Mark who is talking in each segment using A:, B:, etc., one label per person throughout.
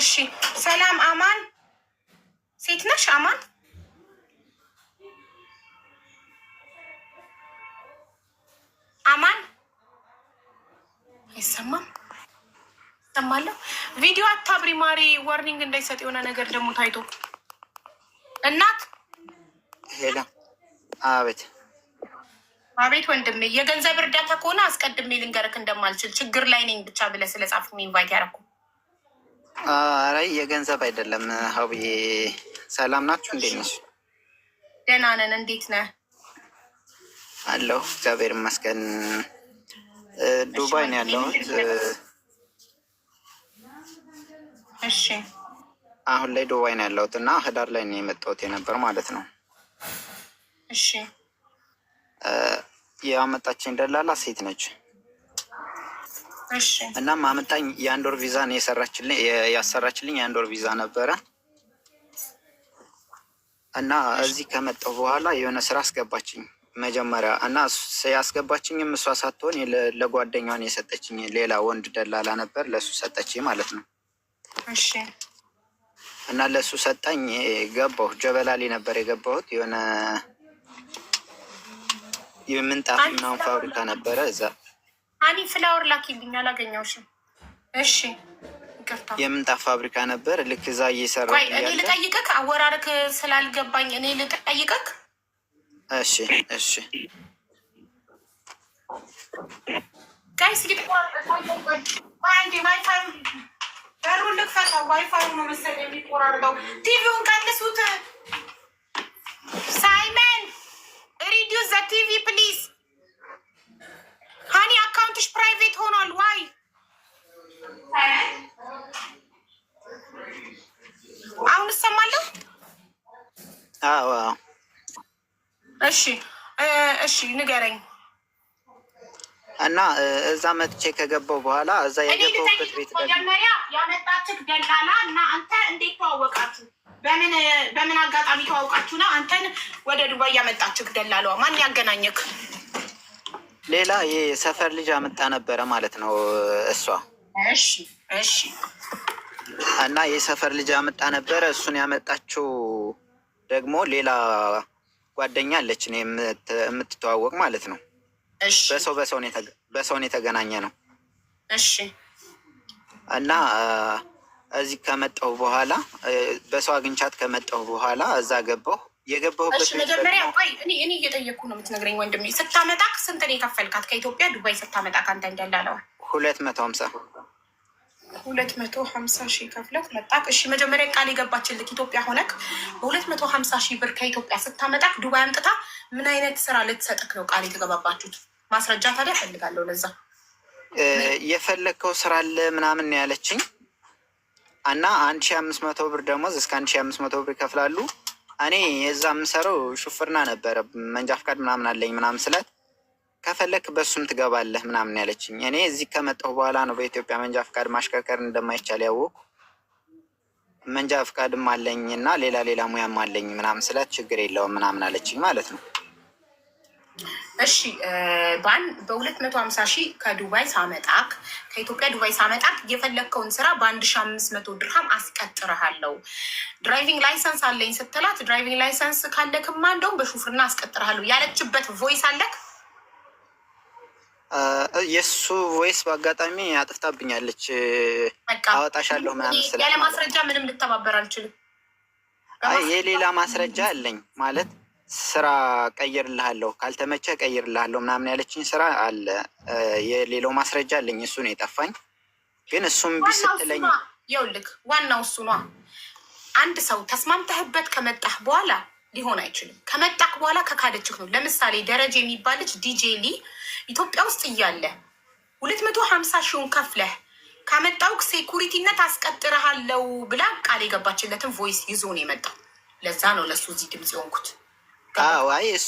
A: እሺ፣ ሰላም አማን፣ ሴት ነሽ አማን? አማን አይሰማም? ሰማለሁ። ቪዲዮ አታብሪ ማሪ፣ ዋርኒንግ እንዳይሰጥ የሆነ ነገር ደግሞ ታይቶ እናት
B: ሄላ አቤት
A: አቤት ወንድሜ፣ የገንዘብ እርዳታ ከሆነ አስቀድሜ ልንገርክ እንደማልችል ችግር ላይ ነኝ ብቻ ብለህ ስለጻፍኩ ኢንቫይት ያደረኩ
B: አረ የገንዘብ አይደለም። ሀብዬ ሰላም ናችሁ? እንዴት ነሽ?
A: ደህና ነን። እንዴት ነህ?
B: አለሁ እግዚአብሔር ይመስገን። ዱባይ ነው ያለሁት። እሺ አሁን ላይ ዱባይ ነው ያለሁት እና ህዳር ላይ ነው የመጣሁት የነበር ማለት ነው። እሺ ያመጣችኝ ደላላ ሴት ነች። እናም አምጣኝ የአንድ ወር ቪዛ ነው ያሰራችልኝ። የአንድ ወር ቪዛ ነበረ እና እዚህ ከመጣሁ በኋላ የሆነ ስራ አስገባችኝ መጀመሪያ እና ያስገባችኝም እሷ ሳትሆን ለጓደኛዋን የሰጠችኝ ሌላ ወንድ ደላላ ነበር። ለሱ ሰጠችኝ ማለት ነው እና ለሱ ሰጠኝ ገባሁ። ጀበላሊ ነበር የገባሁት የሆነ የምንጣፍ ምናምን ፋብሪካ ነበረ እዛ
A: አኒ ፍላወር ላኪልኝ አላገኘሁሽም። እሺ
B: ይቅርታ። የምንጣፍ ፋብሪካ ነበር ልክ እዛ እየሰራ
A: እኔ ልጠይቅክ፣ አወራርክ ስላልገባኝ እኔ ልጠይቅክ።
B: እሺ እሺ
A: ጋይስ በሩን ልክፈታ። ዋይፋይ ነው መሰለኝ የሚቆራርጠው። ቲቪውን ቀንሱት። ሳይመን ሪዲዩስ ዘ ቲቪ ሆኗል። ዋይ አሁን እሰማለሁ። እሺ እሺ፣ ንገረኝ
B: እና እዛ መጥቼ ከገባው በኋላ እዛ የገባሁበት ቤት
A: መጀመሪያ ያመጣችህ ደላላ እና አንተ እንዴት ተዋወቃችሁ? በምን በምን አጋጣሚ ተዋውቃችሁ ነው አንተን ወደ ዱባይ ያመጣችህ? ደላላዋ ማን ያገናኘክ?
B: ሌላ የሰፈር ልጅ አምጣ ነበረ ማለት ነው እሷ።
A: እሺ እሺ።
B: እና የሰፈር ልጅ አምጣ ነበረ። እሱን ያመጣችው ደግሞ ሌላ ጓደኛ አለች የምትተዋወቅ ማለት ነው። በሰው በሰውን የተገናኘ ነው። እሺ እና እዚህ ከመጣሁ በኋላ በሰው አግኝቻት ከመጣሁ በኋላ እዛ ገባሁ። የገባሁበት
A: መጀመሪያ ቆይ እኔ እኔ እየጠየቅኩ ነው የምትነግረኝ ወንድሜ። ስታመጣ ስንት ነው የከፈልካት? ከኢትዮጵያ ዱባይ ስታመጣክ አንተ እንዳላለዋል
B: ሁለት መቶ ሀምሳ
A: ሁለት መቶ ሀምሳ ሺህ ከፍለህ መጣክ። እሺ መጀመሪያ ቃል የገባችልክ ኢትዮጵያ ሆነክ በሁለት መቶ ሀምሳ ሺህ ብር ከኢትዮጵያ ስታመጣክ ዱባይ አምጥታ ምን አይነት ስራ ልትሰጥክ ነው ቃል የተገባባችሁት? ማስረጃ ታዲያ እፈልጋለሁ። ለዛ
B: የፈለግከው ስራ አለ ምናምን ያለችኝ እና አንድ ሺ አምስት መቶ ብር ደሞዝ እስከ አንድ ሺ አምስት መቶ ብር ይከፍላሉ። እኔ የዛ የምሰረው ሹፍርና ነበረ መንጃ ፍቃድ ምናምን አለኝ ምናምን ስላት ከፈለክ በሱም ትገባለህ ምናምን ያለችኝ። እኔ እዚህ ከመጣሁ በኋላ ነው በኢትዮጵያ መንጃ ፍቃድ ማሽከርከር እንደማይቻል ያወቅኩ። መንጃ ፍቃድም አለኝ እና ሌላ ሌላ ሙያም አለኝ ምናምን ስላት ችግር የለውም ምናምን አለችኝ ማለት ነው።
A: እሺ በሁለት መቶ ሀምሳ ሺህ ከዱባይ ሳመጣክ ከኢትዮጵያ ዱባይ ሳመጣክ የፈለግከውን ስራ በአንድ ሺ አምስት መቶ ድርሃም አስቀጥረሃለው። ድራይቪንግ ላይሰንስ አለኝ ስትላት ድራይቪንግ ላይሰንስ ካለክማ እንደውም በሹፍርና አስቀጥረሃለሁ ያለችበት ቮይስ አለክ?
B: የእሱ ቮይስ በአጋጣሚ አጥፍታብኛለች። አወጣሻለሁ ምናምን ያለ
A: ማስረጃ ምንም ልተባበር አልችልም።
B: የሌላ ማስረጃ አለኝ ማለት ስራ ቀይርልሃለሁ፣ ካልተመቸ ቀይርልሃለሁ ምናምን ያለችኝ ስራ አለ። የሌላው ማስረጃ አለኝ፣ እሱ ነው የጠፋኝ። ግን እሱም ቢስትለኝ
A: ይኸውልህ፣ ዋናው እሱ አንድ ሰው ተስማምተህበት ከመጣህ በኋላ ሊሆን አይችልም። ከመጣህ በኋላ ከካደችህ ነው። ለምሳሌ ደረጀ የሚባለች ዲጄ ሊ ኢትዮጵያ ውስጥ እያለ ሁለት መቶ ሀምሳ ሺውን ከፍለህ ከመጣውክ ሴኩሪቲነት አስቀጥረሃለው ብላ ቃል የገባችለትን ቮይስ ይዞ ነው የመጣው። ለዛ ነው ለሱ እዚህ ድምፅ የሆንኩት።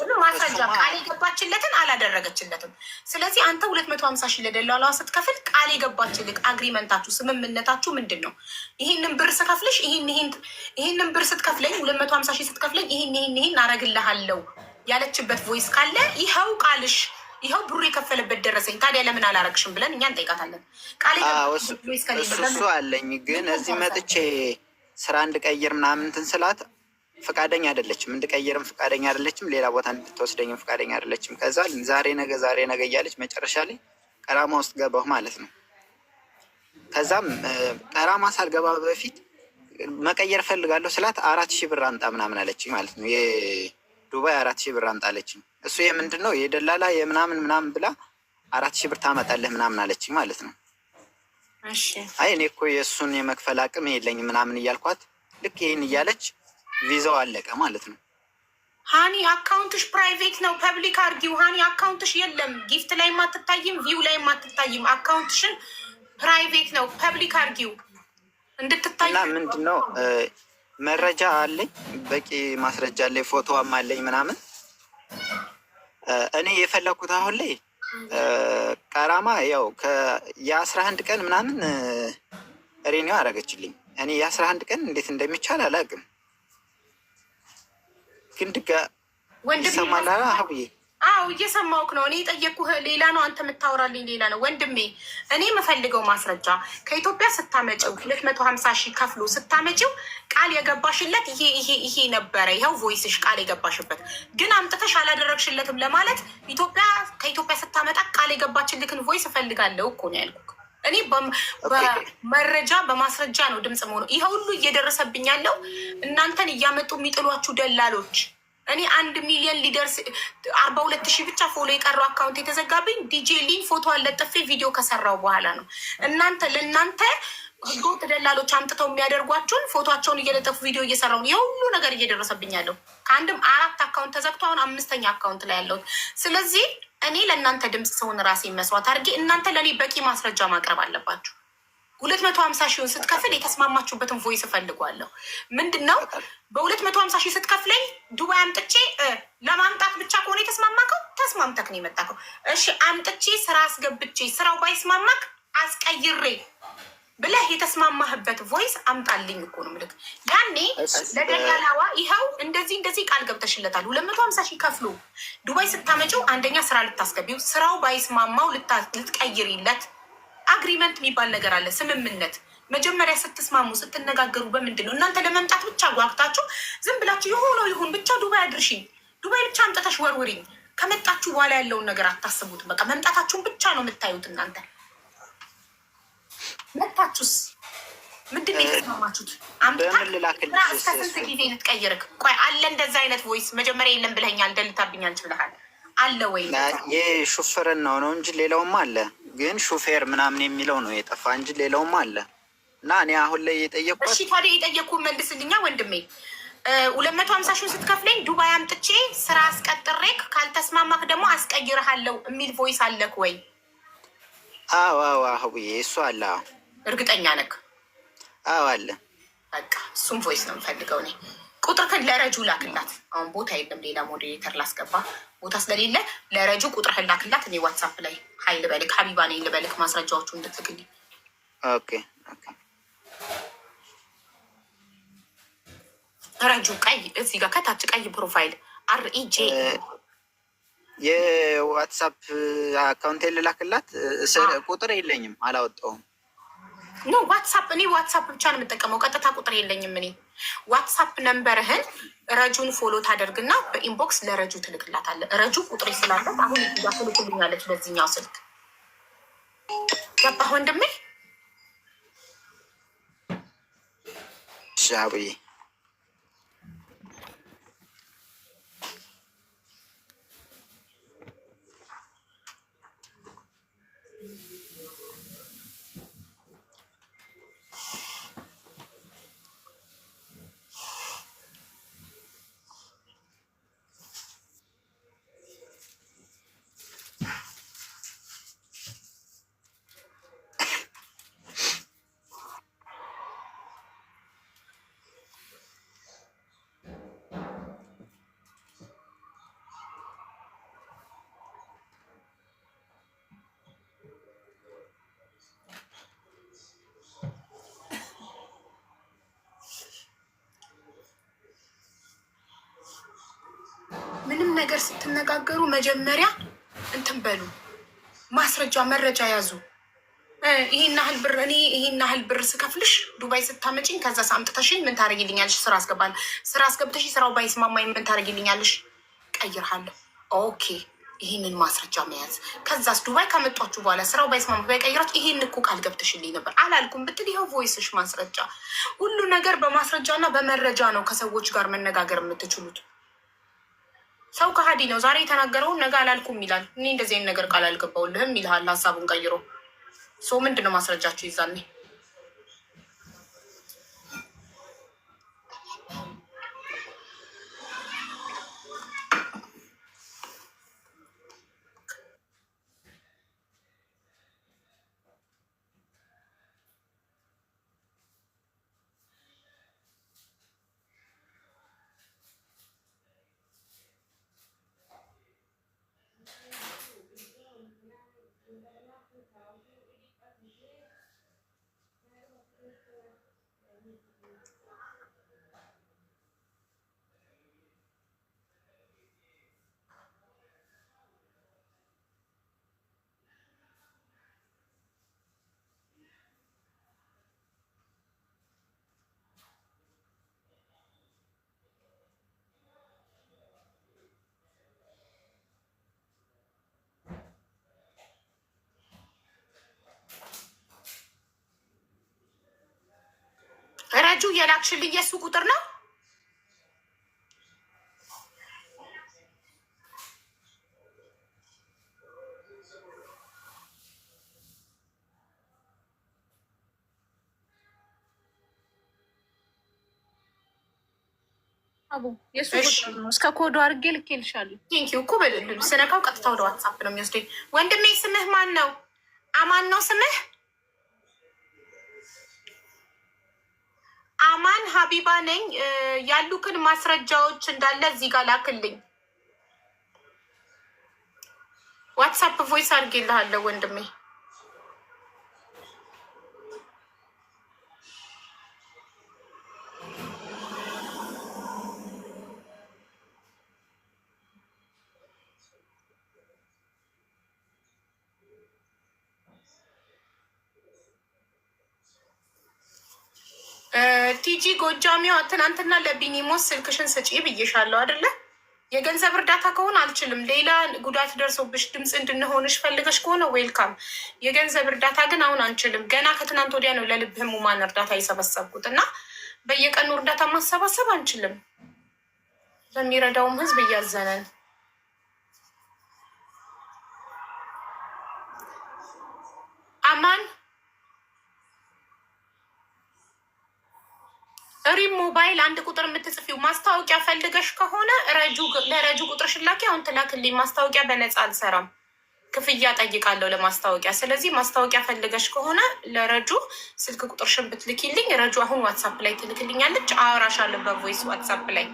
A: ሁሉ ማስረጃ ቃል የገባችለትን አላደረገችለትም። ስለዚህ አንተ ሁለት መቶ ሀምሳ ሺ ለደላላዋ ስትከፍል ቃል የገባችልህ አግሪመንታችሁ፣ ስምምነታችሁ ምንድን ነው? ይህንን ብር ስከፍልሽ ይህንን ብር ስትከፍለኝ ሁለት መቶ ሀምሳ ሺ ስትከፍለኝ ይህን ይህን ይህን አረግልሃለው ያለችበት ቮይስ ካለ ይኸው ቃልሽ ይኸው ብሩ የከፈለበት ደረሰኝ። ታዲያ ለምን አላረግሽም ብለን እኛ እንጠይቃታለን።
B: ቃል እሱ አለኝ ግን እዚህ መጥቼ ስራ እንድቀይር ምናምንትን ስላት ፈቃደኛ አይደለችም፣ እንድቀይርም ፈቃደኛ አይደለችም፣ ሌላ ቦታ እንድትወስደኝም ፈቃደኛ አይደለችም። ከዛ ዛሬ ነገ፣ ዛሬ ነገ እያለች መጨረሻ ላይ ቀራማ ውስጥ ገባሁ ማለት ነው። ከዛም ቀራማ ሳልገባ በፊት መቀየር ፈልጋለሁ ስላት አራት ሺህ ብር አንጣ ምናምን አለችኝ ማለት ነው። የዱባይ አራት ሺህ ብር አንጣ አለችኝ። እሱ የምንድን ነው የደላላ የምናምን ምናምን ብላ አራት ሺህ ብር ታመጣለህ ምናምን አለችኝ ማለት ነው። አይ እኔ እኮ የእሱን የመክፈል አቅም የለኝም ምናምን እያልኳት ልክ ይህን እያለች ቪዛው አለቀ ማለት ነው።
A: ሀኒ አካውንትሽ ፕራይቬት ነው፣ ፐብሊክ አርጊው። ሀኒ አካውንትሽ የለም፣ ጊፍት ላይ አትታይም፣ ቪው ላይ አትታይም። አካውንትሽን ፕራይቬት ነው፣ ፐብሊክ አርጊው እንድትታይ እና
B: ምንድን ነው መረጃ አለኝ፣ በቂ ማስረጃ አለኝ፣ ፎቶዋም አለኝ ምናምን። እኔ የፈለግኩት አሁን ላይ ቀራማ ያው የአስራ አንድ ቀን ምናምን ሬኒዋ አረገችልኝ። እኔ የአስራ አንድ ቀን እንዴት እንደሚቻል አላውቅም። ግን ድጋ ይሰማናል። ሀብዬ
A: አው እየሰማውክ ነው። እኔ የጠየኩህ ሌላ ነው፣ አንተ የምታወራልኝ ሌላ ነው ወንድሜ። እኔ የምፈልገው ማስረጃ ከኢትዮጵያ ስታመጭው ሁለት መቶ ሀምሳ ሺህ ከፍሎ ስታመጭው ቃል የገባሽለት ይሄ ይሄ ይሄ ነበረ። ይኸው ቮይስሽ ቃል የገባሽበት ግን አምጥተሽ አላደረግሽለትም ለማለት ኢትዮጵያ ከኢትዮጵያ ስታመጣ ቃል የገባችልክን ቮይስ እፈልጋለሁ እኮ ነው ያልኩህ። እኔ በመረጃ በማስረጃ ነው ድምፅ መሆነው። ይሄ ሁሉ እየደረሰብኝ ያለው እናንተን እያመጡ የሚጥሏችሁ ደላሎች። እኔ አንድ ሚሊዮን ሊደርስ አርባ ሁለት ሺህ ብቻ ፎሎ የቀረው አካውንት የተዘጋብኝ ዲጄ ሊን ፎቶ አለጥፌ ቪዲዮ ከሰራው በኋላ ነው እናንተ ለእናንተ ህገወጥ ደላሎች አምጥተው የሚያደርጓቸውን ፎቶቸውን እየለጠፉ ቪዲዮ እየሰራው የሁሉ ነገር እየደረሰብኝ ያለው ከአንድም አራት አካውንት ተዘግቶ አሁን አምስተኛ አካውንት ላይ ያለሁት። ስለዚህ እኔ ለእናንተ ድምፅ ሰውን ራሴ መስዋዕት አድርጌ እናንተ ለእኔ በቂ ማስረጃ ማቅረብ አለባችሁ። ሁለት መቶ ሀምሳ ሺውን ስትከፍል የተስማማችሁበትን ቮይስ እፈልጓለሁ። ምንድን ነው በሁለት መቶ ሀምሳ ሺ ስትከፍለኝ ዱባይ አምጥቼ ለማምጣት ብቻ ከሆነ የተስማማከው ተስማምተክ ነው የመጣከው። እሺ አምጥቼ ስራ አስገብቼ ስራው ባይስማማክ አስቀይሬ ብለህ የተስማማህበት ቮይስ አምጣልኝ እኮ ነው ምልክ። ያኔ ለደላላዋ ይኸው እንደዚህ እንደዚህ ቃል ገብተሽለታል፣ ሁለት መቶ ሀምሳ ሺህ ከፍሎ ዱባይ ስታመጪው አንደኛ ስራ ልታስገቢው፣ ስራው ባይስማማው ልትቀይሪለት፣ አግሪመንት የሚባል ነገር አለ፣ ስምምነት መጀመሪያ ስትስማሙ ስትነጋገሩ በምንድን ነው እናንተ ለመምጣት ብቻ ጓግታችሁ ዝም ብላችሁ የሆነው ይሁን ብቻ ዱባይ አድርሽኝ፣ ዱባይ ብቻ አምጥተሽ ወርውሪኝ። ከመጣችሁ በኋላ ያለውን ነገር አታስቡት። በቃ መምጣታችሁን ብቻ ነው የምታዩት እናንተ መታችሁስ ምንድን ነው የተሰማችሁት? አምጥታ እስከ ስንት ጊዜ ልትቀይርክ? ቆይ አለ እንደዛ አይነት ቮይስ መጀመሪያ የለም ብለኸኛል። ደልታብኛል ችብለሃል አለ ወይ?
B: ይህ ሹፍርናው ነው እንጂ ሌላውም አለ። ግን ሹፌር ምናምን የሚለው ነው የጠፋ እንጂ ሌላውም አለ። እና እኔ አሁን ላይ የጠየቅኩት
A: እሺ፣ ታዲያ የጠየቅኩ መልስልኛ ወንድሜ። ሁለት መቶ ሀምሳ ሺህ ስትከፍለኝ ዱባይ አምጥቼ ስራ አስቀጥሬክ ካልተስማማክ ደግሞ አስቀይርሃለሁ የሚል ቮይስ አለክ ወይ?
B: አዎ አዎ፣ አሁዬ እሱ አለ
A: እርግጠኛ ነክ? አዎ አለ። በቃ እሱም ቮይስ ነው የምፈልገው እኔ። ቁጥርህን ለረጁ ላክላት። አሁን ቦታ የለም ሌላ ሞዴሬተር ላስገባ ቦታ ስለሌለ ለረጁ ቁጥር ቁጥርህን ላክላት። እኔ ዋትሳፕ ላይ ሀይ ልበልክ፣ ሀቢባ ነኝ ልበልክ፣ ማስረጃዎቹ እንድትልክልኝ። ኦኬ ረጁ ቀይ እዚህ ጋር ከታች ቀይ ፕሮፋይል አርኢጄ
B: የዋትሳፕ አካውንት ልላክላት። ቁጥር የለኝም አላወጣውም።
A: ኖ ዋትሳፕ እኔ ዋትሳፕ ብቻ ነው የምጠቀመው። ቀጥታ ቁጥር የለኝም እኔ። ዋትሳፕ ነምበርህን ረጁን ፎሎ ታደርግና በኢንቦክስ ለረጁ ትልክላታለህ። ረጁ ቁጥር ስላለ አሁን ትልክልኛለች በዚህኛው ስልክ። ገባህ ወንድሜ? ሻብዬ ነገር ስትነጋገሩ መጀመሪያ እንትን በሉ፣ ማስረጃ መረጃ ያዙ። ይህን ያህል ብር እኔ ይህን ያህል ብር ስከፍልሽ ዱባይ ስታመጭኝ ከዛ ሳምጥተሽኝ ምን ታደርጊልኛለሽ? ስራ አስገባል። ስራ አስገብተሽ ስራው ባይስማማኝ ምን ታደርጊልኛለሽ? ቀይርሃለሁ። ኦኬ፣ ይህንን ማስረጃ መያዝ። ከዛስ ዱባይ ከመጧችሁ በኋላ ስራው ባይስማማ ባይቀይራችሁ ይሄን እኮ ቃል ገብተሽልኝ ነበር አላልኩም ብትል ይኸው ቮይስሽ ማስረጃ። ሁሉ ነገር በማስረጃ በመረጃ ነው ከሰዎች ጋር መነጋገር የምትችሉት። ሰው ከሀዲ ነው። ዛሬ የተናገረውን ነገ አላልኩም ይላል። እኔ እንደዚህ አይነት ነገር ቃል አልገባውልህም ይልሃል ሀሳቡን ቀይሮ። ምንድን ነው ማስረጃቸው ይዛኔ ልጁ የላክሽልኝ የእሱ ቁጥር ነው። እስከ ኮዶ አድርጌ ልኬልሻለሁ። እኮ በልልም ስነካው ቀጥታ ወደ ዋትሳፕ ነው የሚወስደኝ። ወንድሜ ስምህ ማን ነው? አማን ነው ስምህ አማን ሀቢባ ነኝ። ያሉክን ማስረጃዎች እንዳለ እዚህ ጋር ላክልኝ። ዋትሳፕ ቮይስ አድርጌልሃለሁ ወንድሜ። ቲጂ ጎጃሚዋ ትናንትና ለቢኒሞ ስልክሽን ስጪ ብዬሻለሁ አይደለ? የገንዘብ እርዳታ ከሆነ አልችልም። ሌላ ጉዳት ደርሶብሽ ድምፅ እንድንሆንሽ ፈልገሽ ከሆነ ዌልካም። የገንዘብ እርዳታ ግን አሁን አንችልም። ገና ከትናንት ወዲያ ነው ለልብ ህሙማን እርዳታ የሰበሰብኩት እና በየቀኑ እርዳታ ማሰባሰብ አንችልም። ለሚረዳውም ህዝብ እያዘነን አማን ሪም ሞባይል አንድ ቁጥር የምትጽፊው ማስታወቂያ ፈልገሽ ከሆነ ለረጁ ቁጥር ሽላኪ አሁን ትላክልኝ። ማስታወቂያ በነፃ አልሰራም፣ ክፍያ ጠይቃለሁ ለማስታወቂያ። ስለዚህ ማስታወቂያ ፈልገሽ ከሆነ ለረጁ ስልክ ቁጥርሽን ብትልኪልኝ፣ ረጁ አሁን ዋትሳፕ ላይ ትልክልኛለች። አወራሻለሁ በቮይስ ዋትሳፕ ላይ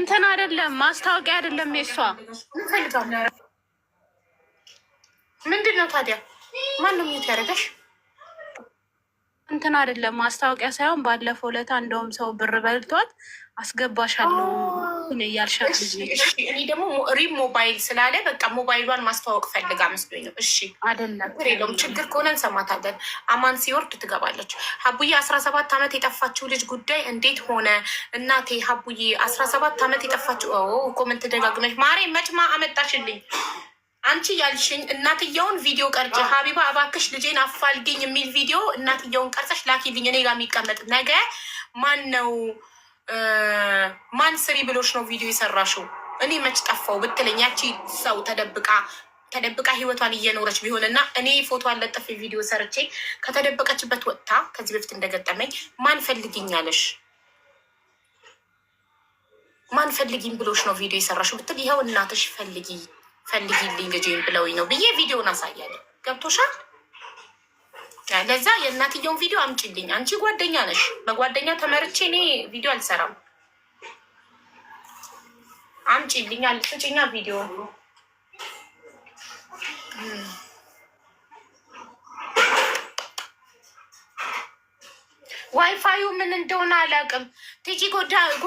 A: እንትን አይደለም ማስታወቂያ አይደለም ሷ ምንድን ነው ታዲያ ማንም ዩት ያደረገሽ እንትን አይደለም ማስታወቂያ ሳይሆን ባለፈው ለታ እንደውም ሰው ብር በልቷት አስገባሻለሁ እያልሻት ልጅ ነሽ። እኔ ደግሞ ሪም ሞባይል ስላለ በቃ ሞባይሏን ማስተዋወቅ ፈልጋ መስሎኝ ነው። እሺ አይደለም የለውም ችግር ከሆነ እንሰማታለን። አማን ሲወርድ ትገባለች። ሀቡዬ አስራ ሰባት ዓመት የጠፋችው ልጅ ጉዳይ እንዴት ሆነ? እናቴ ሀቡዬ አስራ ሰባት ዓመት የጠፋችው ኮመንት ደጋግመሽ ማሬ መጭማ አመጣሽልኝ አንቺ ያልሽኝ እናትየውን ቪዲዮ ቀርጭ፣ ሀቢባ እባክሽ ልጄን አፋልግኝ የሚል ቪዲዮ እናትየውን ቀርጸሽ ላኪልኝ። እኔ ጋር የሚቀመጥ ነገ ማን ነው ማን ስሪ ብሎች ነው ቪዲዮ የሰራሽው? እኔ መች ጠፋው ብትለኝ ያቺ ሰው ተደብቃ ተደብቃ ህይወቷን እየኖረች ቢሆንና እኔ ፎቶ አለጠፍ ቪዲዮ ሰርቼ ከተደበቀችበት ወጥታ ከዚህ በፊት እንደገጠመኝ ማን ፈልግኛለሽ ማን ፈልጊኝ ብሎች ነው ቪዲዮ የሰራሽው ብትል ይኸው እናትሽ ፈልጊ ፈልጊልኝ ልጄን ብለውኝ ነው ብዬ ቪዲዮን አሳያለሁ። ገብቶሻል? ለዛ የእናትየውን ቪዲዮ አምጭልኝ። አንቺ ጓደኛ ነሽ። በጓደኛ ተመርቼ እኔ ቪዲዮ አልሰራም። አምጪልኝ፣ ስጭኛ ቪዲዮ ዋይፋዩ ምን እንደሆነ አላውቅም። ቲጂ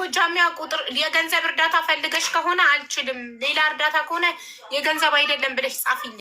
A: ጎጃሚያ ቁጥር የገንዘብ እርዳታ ፈልገሽ ከሆነ አልችልም፣ ሌላ እርዳታ ከሆነ የገንዘብ አይደለም ብለሽ ጻፍኝ።